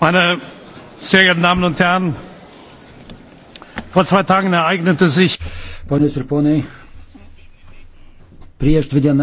meine sehr geehrten Damen und Herren, vor zwei Tagen ereignete sich. Ponios ir ponai, prieš dvi dienas.